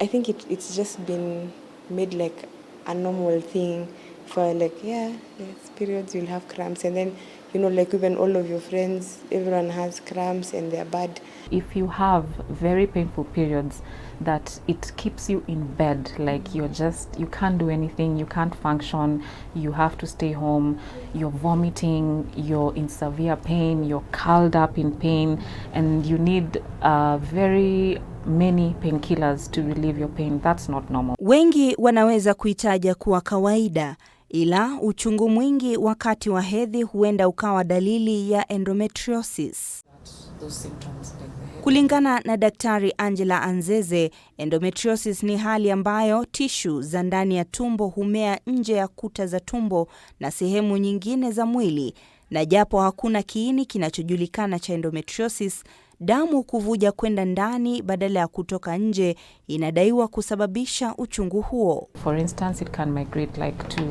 I think it, it's just been made like a normal thing for like, yeah, yes, periods you'll have cramps. And then you know, like even all of your friends, everyone has cramps and they're bad. If you have very painful periods that it keeps you in bed, like you're just, you can't do anything, you can't function, you have to stay home, you're vomiting, you're in severe pain, you're curled up in pain, and you need a uh, very many painkillers to relieve your pain. That's not normal. Wengi wanaweza kuitaja kuwa kawaida ila uchungu mwingi wakati wa hedhi huenda ukawa dalili ya endometriosis. Kulingana na Daktari Angela Anzeze, endometriosis ni hali ambayo tishu za ndani ya tumbo humea nje ya kuta za tumbo na sehemu nyingine za mwili, na japo hakuna kiini kinachojulikana cha endometriosis damu kuvuja kwenda ndani badala ya kutoka nje inadaiwa kusababisha uchungu huo. For instance, it can migrate like to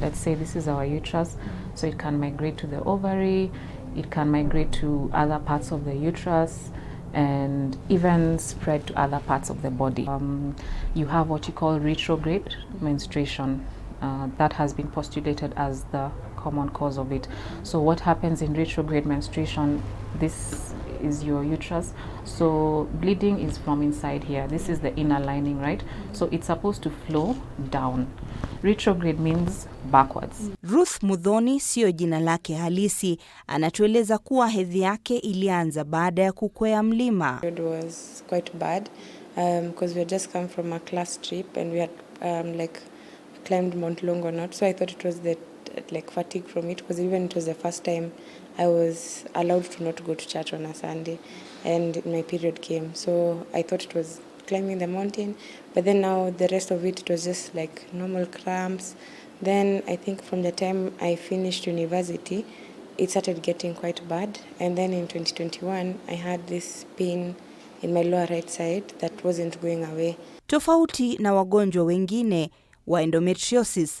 let's say this is our uterus, so it can migrate to the ovary, it can migrate to other parts of the uterus and even spread to other parts of the body. Um, you have what you call retrograde menstruation. Uh, that has been postulated as the common cause of it. So what happens in retrograde menstruation, this is your uterus. So bleeding is from inside here. This is the inner lining, right? So it's supposed to flow down. Retrograde means backwards. Ruth Mudhoni sio jina lake halisi. Anatueleza kuwa hedhi yake ilianza baada ya kukwea mlima. It was quite bad because um, we had just come from a class trip and we had um, like climbed Mount Longonot. So I thought it was the like fatigue from it because even it was the first time I was allowed to not go to church on a Sunday and my period came. So I thought it was climbing the mountain, but then now the rest of it, it was just like normal cramps. Then I think from the time I finished university, it started getting quite bad. And then in 2021, I had this pain in my lower right side that wasn't going away. Tofauti na wagonjwa wengine wa endometriosis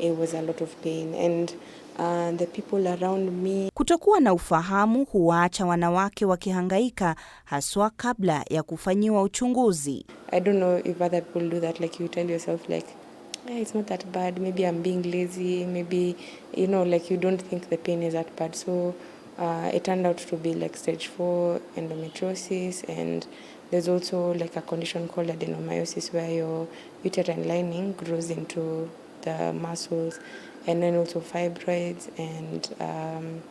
it was a lot of pain and uh, the people around me. Kutokuwa na ufahamu huwaacha wanawake wakihangaika haswa kabla ya kufanyiwa uchunguzi. I don't know if other people do that like you tell yourself like yeah, it's not that bad maybe I'm being lazy maybe you know like you don't think the pain is that bad so uh, it turned out to be like stage 4 endometriosis and there's also like a condition called adenomyosis where your uterine lining grows into the muscles, and then also fibroids and um,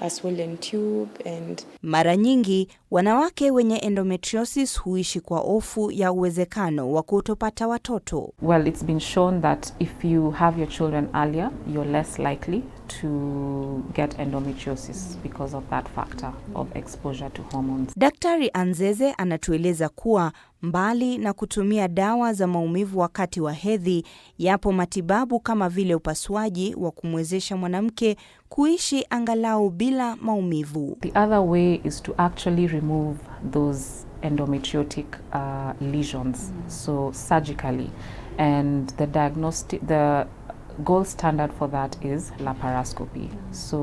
a swollen tube and... Mara nyingi wanawake wenye endometriosis huishi kwa ofu ya uwezekano wa kutopata watoto. Well, it's been shown that if you have your children earlier, you're less likely to get endometriosis because of that factor of exposure to hormones. Daktari Anzeze anatueleza kuwa mbali na kutumia dawa za maumivu wakati wa hedhi, yapo matibabu kama vile upasuaji wa kumwezesha mwanamke kuishi angalau bila maumivu. The other way is to actually remove those endometriotic uh, lesions, mm. so surgically and the diagnostic the gold standard for that is laparoscopy. Mm -hmm. So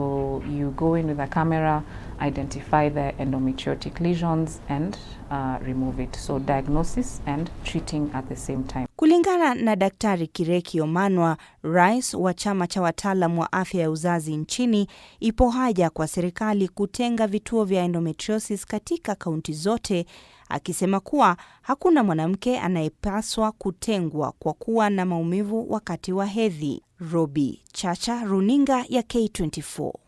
you go in with a camera identify the endometriotic lesions and uh, remove it. So diagnosis and treating at the same time. Kulingana na Daktari Kireki Omanwa, rais wa chama cha wataalam wa afya ya uzazi nchini, ipo haja kwa serikali kutenga vituo vya endometriosis katika kaunti zote, akisema kuwa hakuna mwanamke anayepaswa kutengwa kwa kuwa na maumivu wakati wa hedhi. Robi Chacha, Runinga ya K24.